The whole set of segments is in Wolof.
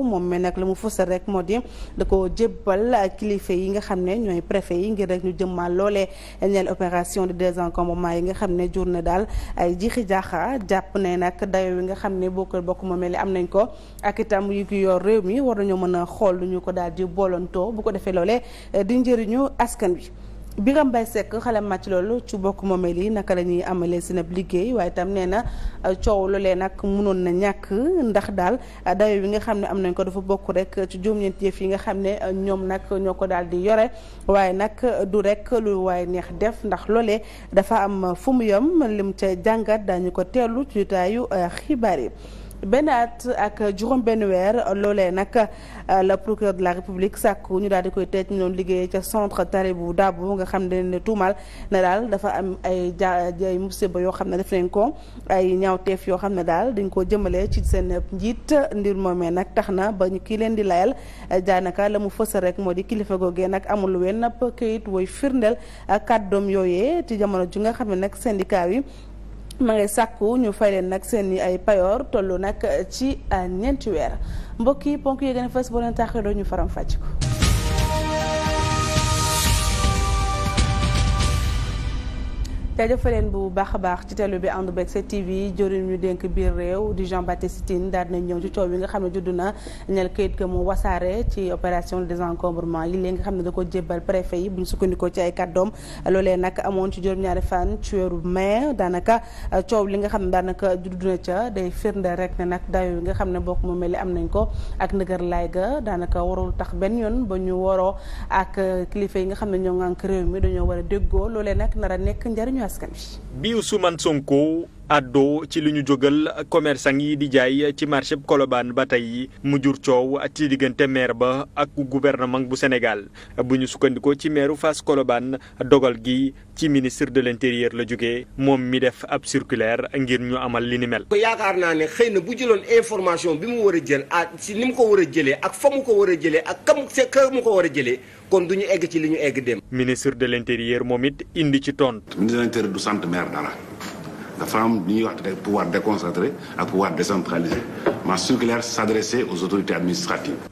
ginnaaw moom mi nag la mu fësal rek moo di da ko jébbal kilifa yi nga xam ne ñooy préfet yi ngir rek ñu jëmmal loole ñeel opération de désencombrement yi nga xam ne jur na daal ay jixi jaaxa jàpp ne nag dayo yi nga xam ne bokkal bokk moomeel am nañ ko ak itam yu ki yor réew mi war nañoo mën a xool lu ñu ko daal di boolantoo bu ko defee loole di njëriñu askan wi Birame Mbaye sekk xale màcc loolu ci bokk moomeel yi naka lañuy ñuy amalee seen ab liggéey waaye itam nee na euh, coow loolee nag mënoon na ñàkk ndax daal euh, dayo bi nga xam ne am nañ ko dafa bokk rek ci juróom-ñeenti yëf yi nga xam ne euh, ñoom nag ñoo ko daal di yore waaye nag du rek lu waaye neex def ndax loolee dafa am fu mu yem lim ca jàngat daañu ko teelu ci jotaayu xibaar yi. benn at ak juróom benn weer loolee nag euh, la procureur de la république sàkku ñu daal di koy tëj ñu doon liggéey ca centre tari bu daabu nga xam ne ne tuumaal na daal dafa am ay ja ay musiba yoo xam ne def nañ ko ay ñaawteef yoo xam ne daal dañ ko jëmale ci seen njiit ndir moomee nag tax na ba ñu kii leen di layal daanaka la mu fësa rek moo di kilifa googee nag amul wenn këyit woy firndeel doom yooyee ci jamono ji nga xam ne nag syndicat yi ma ngay sàkku ñu fay leen nag seen i ay payoor toll nag ci ñeenti weer mbokk yi ponk yi gën a fës boo leen taxee doo ñu faram fàcc ko jaajëfaleen bu baax a baax ci télé bi ànd beeg sa TV jëriñ ñu dénk biir réew di Jean Baptiste Tine daal dinañ ñëw ci coow bi nga xam ne judd na ñel kayit ga mu wasaare ci opération de désencombrement yi leen nga xam ne da ko jébbal préfet yi bu ñu sukkandikoo ci ay kàddoom loolee nag amoon ci juróom-ñaari fan ci weeru mai daanaka coow li nga xam ne daanaka juddu na ca day firnde rek ne nag dayo yi nga xam ne bokk mu mel am nañ ko ak ndëgër laay ga daanaka warul tax benn yoon ba ñu waroo ak kilifa yi nga xam ne ñoo ngànk réew mi dañoo war a déggoo a askan wi. bi Ousmane Sonko àddoo ci li ñu jógal commerçant yi di jaay ci marché Colobane ba tey mu jur coow ci diggante maire ba ak gouvernement bu Sénégal bu ñu sukkandikoo ci meeru fas Colobane dogal gi ci ministre de l'intérieur la jógee moom mi def ab circulaire ngir ñu amal li ni mel. ko yaakaar naa ne xëy na bu jëloon information bi mu war a jël ah si ni mu ko war a jëlee ak fa mu ko war a jëlee ak kam mu ko war a jëlee. kon du ñu egg ci li ñu egg dem. ministre de l' intérieur moom it indi ci ton ministre de l' intérieur du sant maire dara dafa am lu ñuy wax te pouvoir déconcentré ak pouvoir décentralisé ma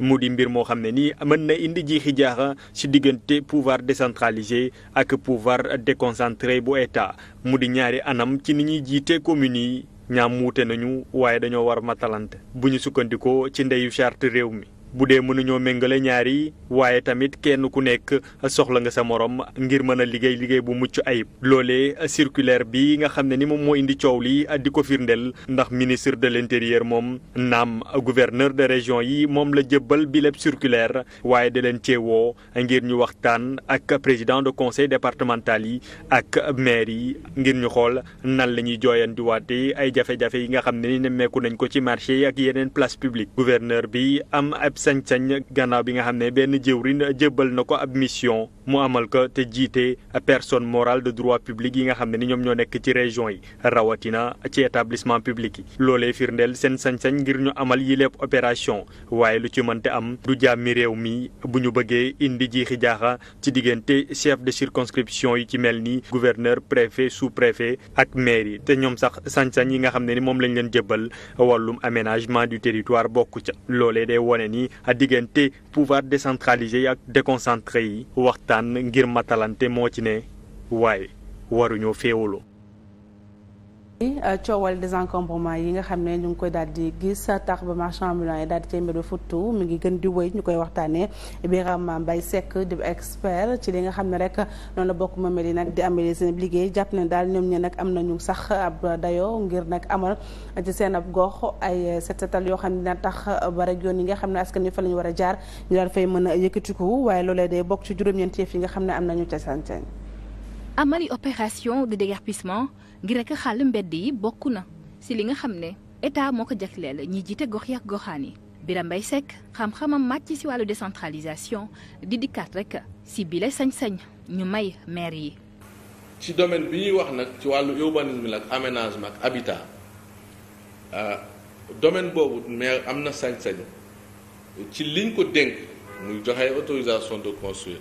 mu di mbir moo xam ne nii mën na indi jiixi jaaxa ci diggante pouvoir décentralisé ak pouvoir déconcentré bu état mu di ñaari anam ci ni ñuy jiite communes yi ñaam wuute nañu waaye dañoo war matalante bu ñu sukkandikoo ci ndeyu charte réew mi. bu dee mënuñoo méngale ñaar yi waaye tamit kenn ku nekk soxla nga sa morom ngir mën a liggéey liggéey bu mucc ay loole circulaire bi nga xam ne ni moom moo indi coow li di ko firndeel ndax ministre de l'intérieur moom naam gouverneur de région yi moom la jëbbal bi lépp circulaire waaye da leen ceewoo ngir ñu waxtaan ak président de conseil départemental yi ak maire yi ngir ñu xool nan la ñuy jooyantiwaate ay jafe-jafe yi nga xam ne ni nemmeeku nañ ko ci marché yi ak yeneen place publique sañ-sañ gannaaw bi nga xam ne benn jëwriñ jébbal na ko ab mission mu amal ko te jiite personne morale de droit public yi nga xam ne ni ñoom ñoo nekk ci région yi rawatina ci établissement public yi. loolee firndeel seen sañ-sañ ngir ñu amal yi lépp opération waaye lu ci mante am du jàmmi réew mi bu ñu bëggee indi jiixi jaaxa ci diggante chef de circonscription yi ci mel ni gouverneur préfet sous préfet ak maire yi te ñoom sax sañ yi nga xam ne ni moom lañ leen jébbal wàllum aménagement du territoire bokku ca ni diggante pouvoir décentralisé yi ak déconcentré yi waxtaan ngir matalante moo ci ne waaye waruñoo féewaloo Euh, coowal désencombrement yi nga xam ne ñu ngi koy daal di gis tax ba marchand ambulant yi daal di cay mbedd futtu mi ngi gën di wëy ñu koy waxtaanee Birame Mbaye Seck di expert ci li nga xam ne rek noonu la bokk ma mel yi nag di amee seen liggéey jàpp ne daal ñoom ñe nag am nañu sax ab dayoo nag amal ci seen ab gox ay set yoo xam ne dina tax ba yoon yi nga xam ne askan wi fa la ñu war a jaar ñu fay mën a yëkkatiku waaye loolee day bokk ci juróom-ñeent yëf yi xam ne am nañu ca opération de déguerpissement ngir rek xàll mbedd yi bokk na si li nga xam ne état moo ko jagleel ñi jiite gox yak goxaan yi Birame Mbaye Seck xam-xamam màcc ci wàllu décentralisation di dikkaat rek si bile sañ-sañ ñu may maire yi. ci domaine bi ñuy wax nag ci wàllu urbanisme ak aménagement ak habitat euh, domaine boobu maire am na sañ-sañ ci liñ ko dénk muy joxe autorisation de construire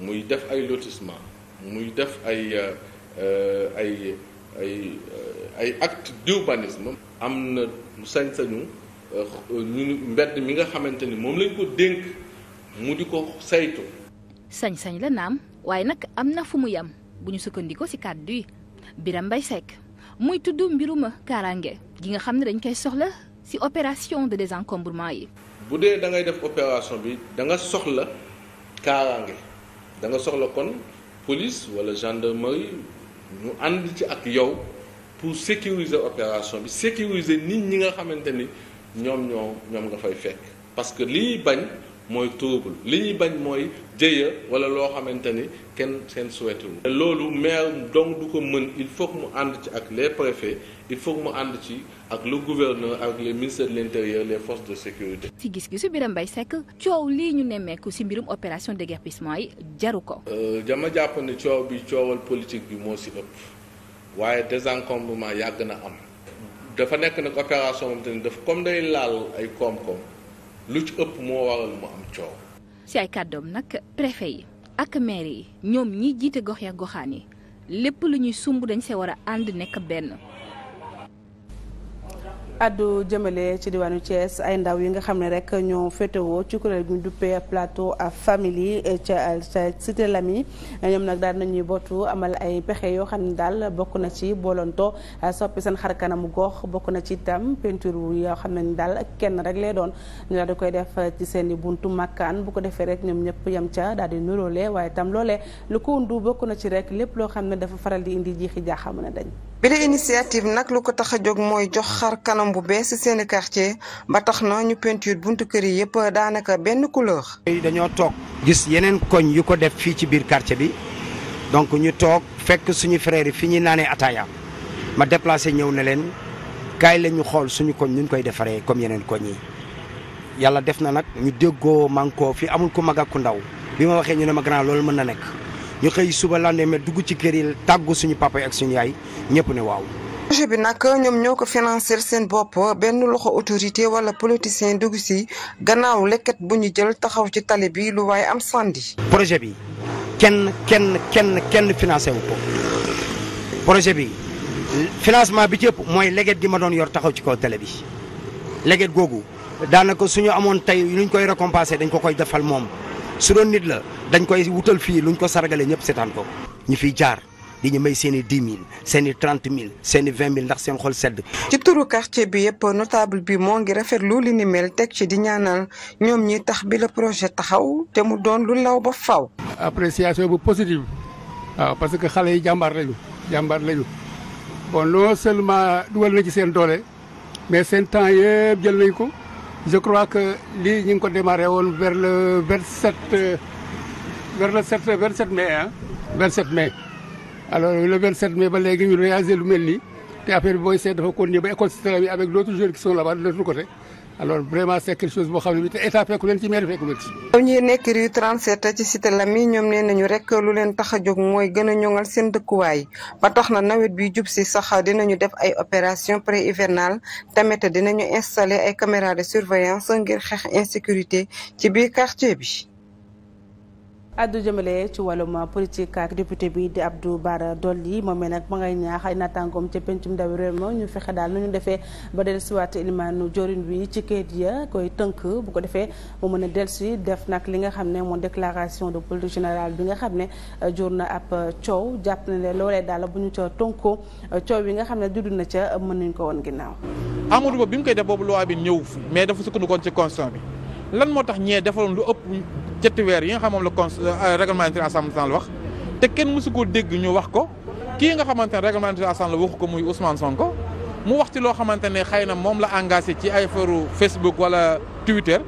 muy def ay lotissement muy def ay euh, euh, ay. ay euh, ay acte d'urbanisme am na sañ-sañu euh, mbedd mi nga xamante ni moom lañ ko dénk mu di ko saytu sañ-sañ la naam waaye nag am na fu mu yam bu ñu sukkandikoo ci kàddu yi Birame Mbaye Seck muy tudd mbiruma kaaraange gi nga xam ne dañ koy soxla ci opération de des désencombrement yi bu dee da ngay def opération bi da nga soxla kaaraange da nga soxla kon police walla gendarmerie ñu ànd ci ak yow pour sécuriser opération bi sécuriser nit ñi nga xamante ni ñoom ñoo ñoom nga fay fekk parce que lii bañ mooy trouble li ñuy bañ mooy jëya wala loo xamante ni kenn seen souhaité wu loolu maire donc du ko mën il faut mu ànd ci ak les préfets il faut mu ànd ci ak le gouverneur ak les ministères de l'intérieur les forces de sécurité. ci gis-gisu Birame Mbaye Seck coow lii ñu nemmeeku ci mbirum opération déguerpissement yi jaru ko. Euh, dama jàpp ne coow bi coowal politique bi moo ci ëpp waaye désencombrement yàgg na am. dafa nekk nag opération moom ni dafa comme day laal ay koom lu ci ëpp moo waral mu am coow. si ay kàddoom nag préfet yi ak maire yi ñoom ñi jiite gox ya goxaan yi lépp li ñuy sumb dañ see war a ànd nekk benn. addu jëmale ci diwaanu Thiès ay ndaw yi nga xam ne rek ñoo féetewoo ci kuréel gu ñu duppee plateau à famille ca ca cité Lamy ñoom nag daal nañuy bootu amal ay pexe yoo xam ne daal bokk na ci bolonto soppi seen xar kanamu gox bokk na ci itam peinture yoo xam ne daal kenn rek lay doon ñu daal di koy def ci seeni i buntu makkaan bu ko defee rek ñoom ñëpp yem ca daal di nuróole waaye itam loolee lu ko wundu bokk na ci rek lépp loo xam ne dafa faral di indi jiixi jaaxa mën dañ bi la initiative nag lu ko tax a jóg mooy jox xar kanam bu bees ci seeni quartier ba tax na ñu peinture buntu kër yi yëpp daanaka benn couleur. dañoo toog gis yeneen koñ yu ko def fii ci biir quartier bi donc ñu toog fekk suñu frères yi fi ñuy naanee ataaya ma déplacé ñëw ne leen kaay la ñu xool suñu koñ ñu koy defaree comme yeneen koñ yi. yàlla def na nag ñu déggoo mànkoo fi amul ku mag ku ndaw bi ma waxee ñu ne ma grand loolu mën na nekk. ñu xëy suba lendemain dugg ci kër yi tàggu suñu papa yi ak suñu yaay ñëpp ne waaw. projet bi nag ñoom ñoo ko financer seen bopp benn loxo autorité wala politicien dugg si gannaaw lekket bu ñu jël taxaw ci tali bi lu waaye am sandi. projet bi kenn kenn kenn kenn financé wu ko projet bi financement bi cëpp mooy leget gi ma doon yor taxaw ci kaw télé bi leget googu daanaka suñu amoon tey luñ koy récompenser dañ ko koy defal moom. su doon nit la dañ koy wutal fii luñ ko sargalee ñëpp seetaan ko ñu fi jaar di ñu may seeni i dix mille seen i trente mille seen vingt mille ndax seen xol sedd. ci turu quartier bi yëpp notable bi moo ngi rafetlu li ni mel teg ci di ñaanal ñoom ñi tax bi la projet taxaw te mu doon lu law ba faw appréciation bu positive waaw parce que xale yi jàmbaar lañu jàmbaar lañu bon non seulement dugal na ci seen doole mais seen temps yëpp jël nañ ko. je crois que lii ñu ngi ko démarré woon vers le 27 vers le 7 27 mai ah. 27 mai alors le 27 mai ba léegi ñu réalisé lu mel nii te affaire bi booy seet dafa continuer ba école citadelle bi avec d' autres jeunes qui sont là-bas de alors vraiment c'est quelque chose boo xam ne bi te état fekku leen ci mairie fekku leen ci ñoom ñi nekk ci cité Lamy ñoom nee nañu rek lu leen tax a jóg mooy gën a ñoŋal seen dëkkuwaay ba tax na nawet bi jub si sax dinañu def ay opération pré hivernale tamit dinañu installer ay caméras de surveillance ngir xeex insécurité ci biir quartier bi addu jëmale ci wàllum politique ak député bi di Abdou Bara Dolly moom mi nag ma ngay ñaax ay naataangoom ca pencum ndaw réew ma ñu fexe daal nu ñu defee ba dellusiwaat ilimaanu jorin bi ci kayit ya koy tënk bu ko defee mu mën a dellusi def nag li nga xam ne moom déclaration de politique générale bi nga xam ne euh, jur na ab euh, coow jàpp na ne loolee daal bu ñu ca tonkoo euh, coow bi nga xam ne dudd na ca mën nañ ko woon ginnaaw. Amadou Ba bi mu koy def boobu loi bi ñëw mais dafa sukkandikoon ci constitution bi lan moo tax ñee defaloon ñetti yi nga xam moom la con euh, règlement intérieur assemblée nationale wax te kenn mësu koo dégg ñu wax ko kii nga xamante ne règlement intérieur la waxu ko muy Ousmane Sonko mu wax ci loo xamante ne xëy na moom la engagé ci ay faru Facebook wala Twitter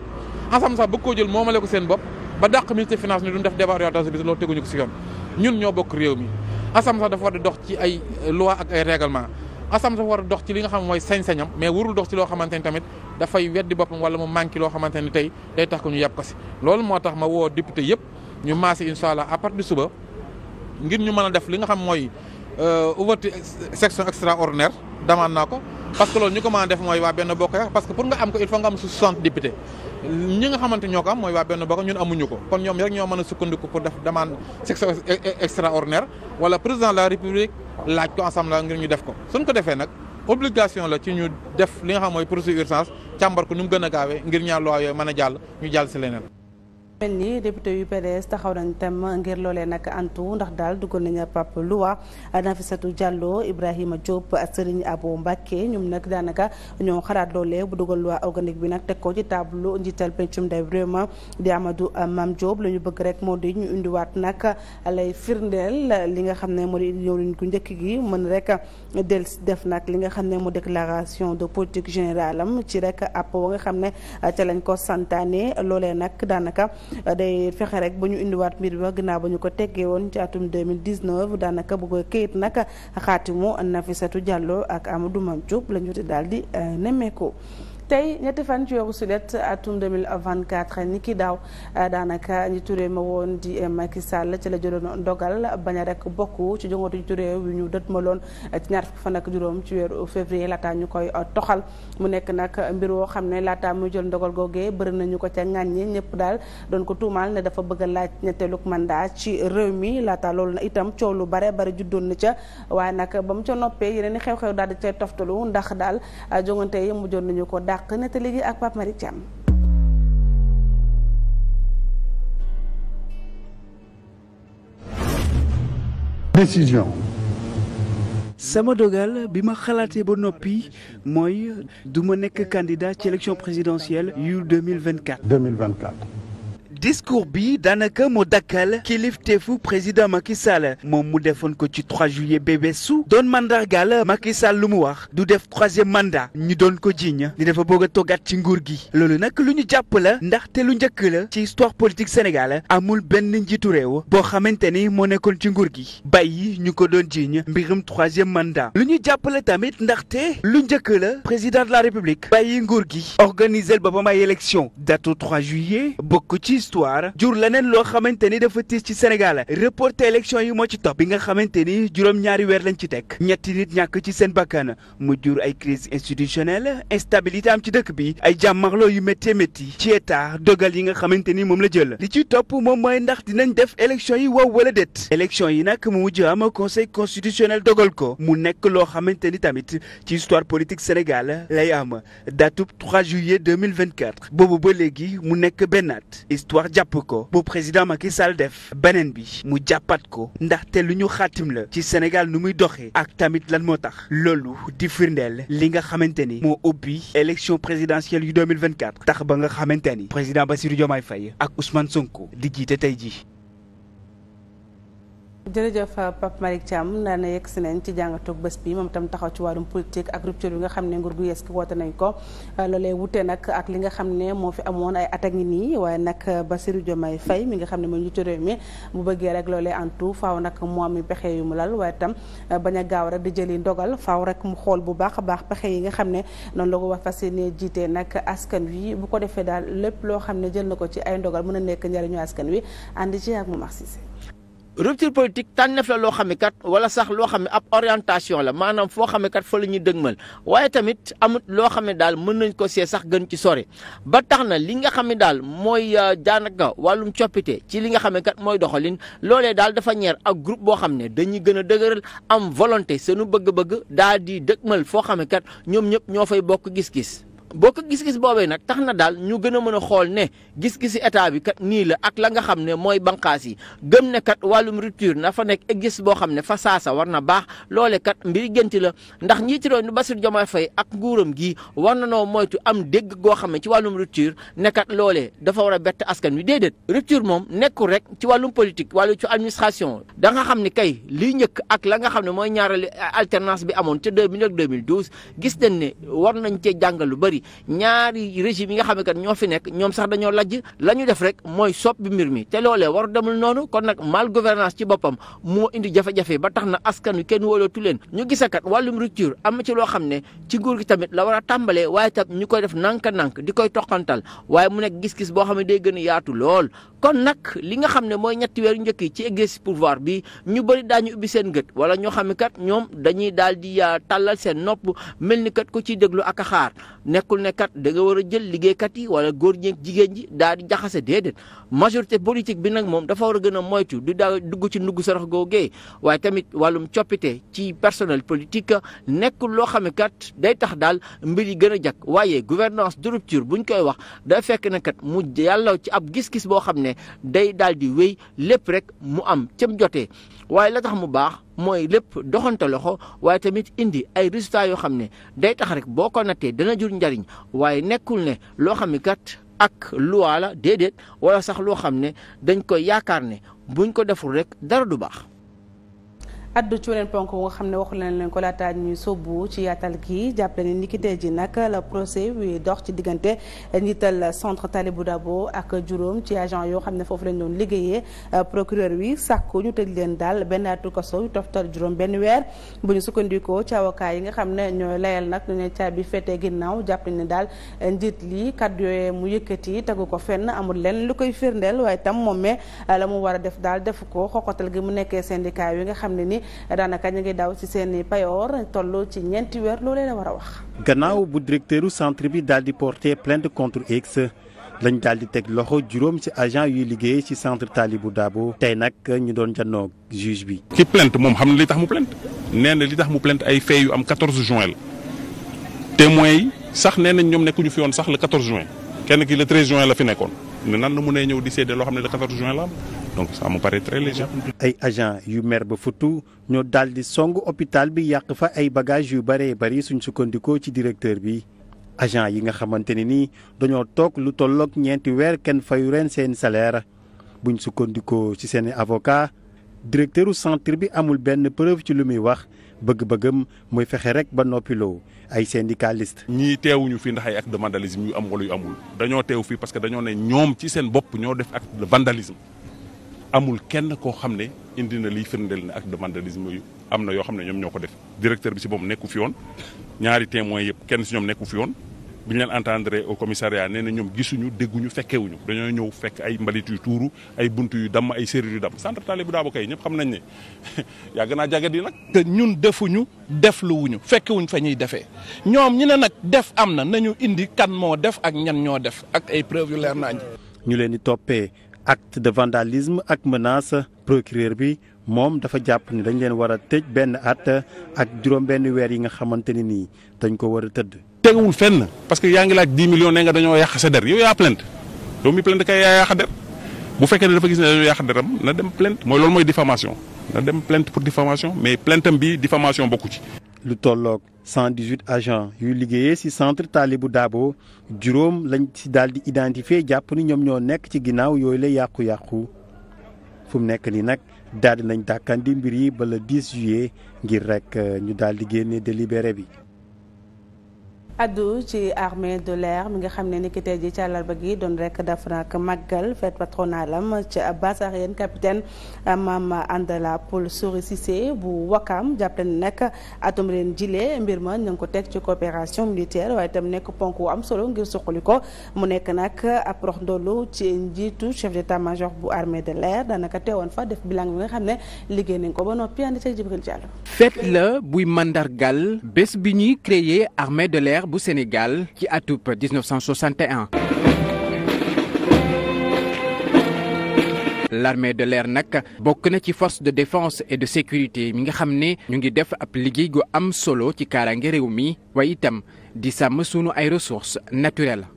ensemble sax bëgg koo jël moomale ko seen bopp ba dàq ministre finance ni duñ def débat orientation bi loolu teguñu ko si yoon ñun ñoo bokk réew mi ensemble sax dafa war di dox ci ay loi ak ay règlement asam dafa war a dox ci li nga xam mooy sañ-sañam mais warul dox ci loo xamante ni tamit dafay weddi boppam wala mu manqué loo xamante ni tey tax ko ñu yàpp ko si loolu moo tax ma woo député yëpp ñu maase incha allah à partir suba ngir ñu mën a def li nga xam mooy Euh, ouverture euh, section extraordinaire demande naa ko parce que loolu ñu ko mën a def mooy waa benn bokk ya parce que pour nga am ko il faut nga am su 60 député ñi nga xamante ñoo ko am mooy waa benn bokk ñun amuñu ko kon ñoom rek ñoo mën a sukkandiku pour def demande section e-, e-, extraordinaire wala président la république laaj ko assemblée ngir ñu def ko suñ ko defee nag obligation la ci ñu def li nga xam mooy procédure urgence càmbar ko nu mu gën a gaawee ngir ñaar loi yooyu a jàll ñu jàll si leneen mel ni député yu PDS taxaw nañ tam ngir loolee nag antu ndax daal dugal nañu pap luwa Nafissatou Diallo Ibrahima Diop ak Serigne Abo Mbacké ñoom nag daanaka ñoo xalaat loolee bu dugal loi organique bi nag teg ko ci tableau njiital pencum ndaw vraiment di Amadou Mame Diop la ñu bëgg rek moo di ñu indiwaat nag lay firndeel li nga xam ne moo di ñëw luñ njëkk gi mën rek del def nag li nga xam ne mu déclaration de politique générale am ci rek app wa nga xam ne lañ ko santaane loolee nag daanaka Euh, day fexe rek ba ñu indiwaat mbir ba gannaaw ba ñu ko teggee woon ci atum 2019 daanaka bu koy këyit nag xaatimu Nafissatou jàlloo ak Amadou Mame Diop la ñu daal di euh, nemmeeku. tey ñetti fan ci weeru sulet atum 2024 ni ki daaw euh, daanaka ñi turée ma woon di euh, Macky Sall ci la jëloon dogal bañ a rek bokk ci jongootu ñi turée wi ñu dët ma loon euh, ci ñaar fukki fan ak juróom ci weeru février laataa ñu koy toxal mu nekk nag mbir woo xam ne laataa mu jël ndogal googee bëri nañu ko ca ŋàññi ñëpp daal doon ko tuumaal ne dafa bëgga a laaj ñetteelug mandat ci réew mi laataa loolu na itam coow lu bare bare juddoon na ca waay nag ba mu ca noppee yeneen i xew daal di cay toftalu ndax daal jongante yi mujjoon nañu ko dàq nettali gi ak Pape Malick Thiam. sama dogal bi ma xalaatee ba noppi mooy du ma nekk candidat ci élection présidentielle yu 2024. 2024. discours bi daanaka mu dakkal fu président Macky Sall moom mu defoon ko ci 3 juillet bébé su doon mandargaal Macky Sall lu mu wax du def troisième mandat ñu doon ko jiiñ di dafa bëgg a toggaat ci nguur gi loolu nag lu ñu jàpp la ndaxte lu njëkk la ci histoire politique Sénégal amul benn njiitu réew boo xamante ni moo nekkoon ci nguur gi bàyyi ñu ko doon jiiñ mbirum troisième mandat lu ñu jàpp la tamit ndaxte lu njëkk la président de la république bàyyi nguur gi organiser boppam ay élection datu 3 juillet bokk ci histoire jur leneen loo xamante ni dafa tiis ci Sénégal reporté élection yi moo ci topp bi nga xamante ni juróom-ñaari weer lañ ci teg ñetti nit ñàkk ci seen bakkan mu jur ay crise institutionnelle instabilité am ci dëkk bi ay jàmmarloo yu métti métti ci état dogal yi nga xamante ni moom la jël li ci topp moom mooy ndax dinañ def élection yi waaw wala déet élection yi nag mu wujj ama conseil constitutionnel dogal ko mu nekk loo xamante ni tamit ci histoire politique Sénégal lay am datub 3 juillet 2024 boobu ba léegi mu nekk bennaat wax jàpp ko bu président Macky Sall def beneen bi mu jàppat ko ndaxte lu ñu xaatim la ci Sénégal nu muy doxee ak tamit lan moo tax loolu di firndeel li nga xamante ni moo ubbi élection présidentielle yu 2024 tax ba nga xamante ni président Bassirou Diomaye fay ak Ousmane Sonko di jiite tey jii jërëjëf euh, Pape Malick Thiam naa ne yegg si nañ ci jàngatoog bés bi moom itam taxaw ci wàllum politique ak rupture bi nga xam ne nguur gu yees ki woote nañ ko euh, loolee wute nag ak li nga xam ne moo fi amoon ay at ngi nii waaye nag euh, Bassirou Diomaye Faye mi nga xam ne mooy njiitu réew mi bu bëggee rek loole en tout faaw nag mu am pexe yu mu lal waaye itam bañ a gaaw rek di jëli ndogal faaw rek mu xool bu baax a baax pexe yi nga xam ne noonu la ko wax fas ne jiitee nag askan wi bu ko defee daal lépp loo xam ne jël na ko ci ay ndogal mën a nekk njëriñu askan wi ànd ci ak mu marxisé rupture politique tànneef la loo xam ne kat wala sax loo xam ne ab orientation la maanaam foo xam ne kat fa la ñuy dëgmal waaye tamit amut loo xam ne daal mën nañ ko see sax gën ci sore ba tax na li nga xam ne daal mooy euh, daanaka wàllum coppite ci li nga xam ne kat mooy doxalin loolee daal dafa ñeer ak groupe boo xam ne dañuy gën a dëgëral am volonté seenu bëgg-bëgg daal di dëgmal foo xam kat ñoom ñëpp ñoo fay bokk gis-gis. boo ko gis-gis boobee nag tax na daal ñu gën a mën a xool ne gis-gisi état bi kat nii la ak la nga xam ne mooy banqaas yi gëm ne kat wàllum rupture na fa nekk existe boo xam ne fa saasa war na baax loole kat mbiri génti la ndax njiiti réew mi Bassirou Diomaye Faye ak nguuram gi war na noo moytu am dégg goo xam ne ci wàllum rupture ne kat loolee dafa war a bett askan wi déedéet rupture moom nekkul rek ci wàllum politique wàllu ci administration da nga xam ne kay lii njëkk ak la nga xam ne mooy ñaareelu alternance bi amoon ca 2000 ak 2012 gis nañ ne war nañ cee jàngal lu bëri bëri ñaari régime yi nga xam ne kat ñoo fi nekk ñoom sax dañoo lajj la ñu def rek mooy soppi mbir mi te loolee war demul noonu kon nag mal gouvernance ci boppam mu indi jafe-jafe ba tax na askan wi kenn wóolootu leen ñu gisakat wàllum rupture am na ci loo xam ne ci nguur gi tamit la war a tàmbale waaye tam ñu koy def nànk-nànk di koy toqantal waaye mu nekk gis-gis boo xam ne day gën yaatu lool kon nag li nga xam ne mooy ñetti weeru njëkk yi ci exercice pouvoir bi ñu bëri ñu ubbi seen gët wala ñoo xam ne kat ñoom dañuy daal di euh, tàllal seen nopp mel ni kat ku ciy déglu ak a xaar nekkul ne kat da nga war a jël liggéeykat yi wala góor ñeeg jigéen ji daal di jaxase déedéet majorité politique bi nag moom dafa war a gën a moytu di daal dugg ci ndugg sarax googee waaye tamit wàllum coppite ci personnel politique nekkul loo xam ne kat day tax daal mbir yi gën a jag waaye gouvernance de bu ñu koy wax day fekk ne kat mu yàlla ci ab gis-gis boo xam ne day daal di wéy lépp rek mu am cem jote waaye la tax mu baax mooy lépp doxante loxo waaye tamit indi ay résultats yoo xam ne day tax rek boo ko nattee dana jur njariñ waaye nekkul ne loo xam ne kat ak luwaala la déedéet wala sax loo xam ne dañ koy yaakaar ne buñ ko deful rekk dara du baax addu ci weneen ponk bu nga xam ne waxu leen leen ko laata ñuy sóobu ci yaatal gi jàppale ni niki ji nag la procès bi dox ci diggante njiital centre Talibou Dabo ak juróom ci agent yoo xam ne foofu lañ doon liggéeyee euh, procureur wi sàkku ñu tëj leen daal benn atu kaso yu toftal juróom benn weer bu ñu sukkandikoo ci yi nga xam ne ñooy layal nag ñu ne caabi féetee ginnaaw jàppale ni daal njiit li kàddu yooyee mu yëkkati tegu ko fenn amul lenn lu koy firndeel waaye tam moom euh, la mu wara a def daal defu ko xoqatal gi mu nekkee syndicat yi nga xam ne ni daanaka ñu ngi daw ci seeni payoor toll ci ñeenti weer loolee war a wax. gannaaw bu directeuru centre bi daal di porter plainte contre X lañ daal di teg loxo juróom ci agent yuy liggéey ci centre Talibou Dabo tey nag ñu doon jannoo juge bi. ki plainte moom xam na li tax mu plainte nee na li tax mu plainte ay faits yu am 14 juin la témoins yi sax nee nañ ñoom nekkuñu fi woon sax le 14 juin kenn la fi nekkoon ne nan la mënee ñëw di seede loo xam ne le 14 juin la am. donc ça me paraît très ay agent yu mer ba futtu ñoo daal di song hôpital bi yàq fa ay bagages yu bëree bëri suñ sukkandikoo ci directeur bi agent yi nga xamante ne ni dañoo toog lu tolloog ñeenti weer kenn fay reen seen salaire buñ sukkandikoo ci seen avocat directeuru centre bi amul benn preuve ci lu muy wax bëgg-bëggam mooy fexe rek ba noppiloo ay syndicaliste ñii teewuñu fii ndax ay acte de vandalisme yu am wala yu amul dañoo teew fii parce que dañoo ne ñoom ci seen bopp ñoo def acte de vandalisme amul kenn koo xam ne indi na liy firndeel ne ak de vandalisme yu am na yoo xam ne ñoom ñoo ko def directeur bi si boppam nekku fi woon ñaari témoins yëpp kenn si ñoom nekku fi yoon bi ñu leen entendre au commissariat nee na ñoom gisuñu dégguñu fekkewuñu dañoo ñëw fekk ay mbalit yu tuuru ay bunt yu damm ay serrure yu damm centre Talibou Dabo kay ñëpp xam nañ ne yàgg naa jagat yi nag te ñun defuñu def lu wuñu fekkewuñ fa ñuy defee ñoom ñu ne nag def am na nañu indi kan moo def ak ñan ñoo def ak ay preuve yu ñu leen di toppee acte de vandalisme ak menace procureur bi moom dafa jàpp ni dañ leen war a tëj benn at ak juróom benn weer yi nga xamante ni nii dañ ko war a tëdd. teguwul fenn parce que yaa ngi laaj 10 millions nee nga dañoo yàq sa der yow yaa plainte yow mi plainte kay yaa yàq der bu fekkee ne dafa gis ne dañoo yàq deram na dem plainte mooy loolu mooy diffamation na dem plent pour diffamation mais plentam bi diffamation bokku ci. lu tolloog 118 agents yuy liggéeye si centre Talibou daabo juróom lañ ci daal di identifier jàpp ni ñoom ñoo nekk ci ginnaaw yooyu la yàqu-yàqu fu mu nekk nii nag daal di nañ dàkkandi mbir yi ba le 10 juillet ngir rek euh, ñu daal di génne délibéré bi. addu ci armée de l'air mi nga xam ne ni ki tey ji ci àllarba doon rek daf nag màggal fête patronale am ci base aérienne capitaine Mame Andala Paul bu Wakam jàppale ne nag atum ren jile mbir ma ñu ko teg ci coopération militaire waaye itam nekk ponk wu am solo ngir suqali ko mu nekk nag ab ci njiitu chef détat bu armée de l'air daanaka teewoon fa def bilan nga xam ne liggéey nañ ko ba noppi ànd ci Jibril Diallo. buy mandargal bés bi ñuy créer armée de l'air bu Sénégal ci atub 1961. l'armée de l'air nag bokk na ci force de défense et de sécurité mi nga xam ne ñu ngi def ab liggéey gu am solo ci kaaraange réew mi waaye itam di sàmm sunu ay ressources naturelles.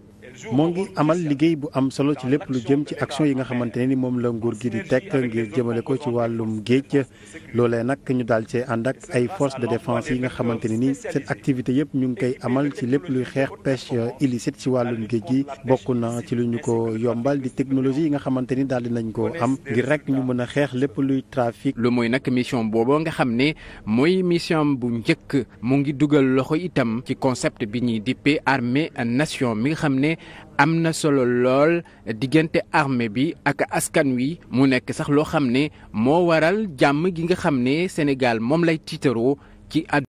moo ngi amal liggéey bu am solo ci lépp lu jëm ci action yi nga xamante ni moom la nguur gi di teg ngir jëmale ko ci wàllum géej loolee nag ñu daal cee ànd ak ay force de défense yi nga xamante ne ni seen activité yëpp ñu ngi koy amal ci lépp luy xeex pêche illicite ci wàllum géej gi bokk na ci lu ñu ko yombal di technologie yi nga xamante ni daal di nañ ko am ngir rek ñu mën a xeex lépp luy trafic. lu mooy nag mission booboo nga xam ne mooy mission bu njëkk mu ngi dugal loxo itam ci concept bi ñuy dippee armée nation mi nga xam ne am na solo lool diggante arme bi ak askan wi mu nekk sax loo xam ne moo waral jàmm gi nga xam ne Sénégal moom lay tiitaroo ci àdduna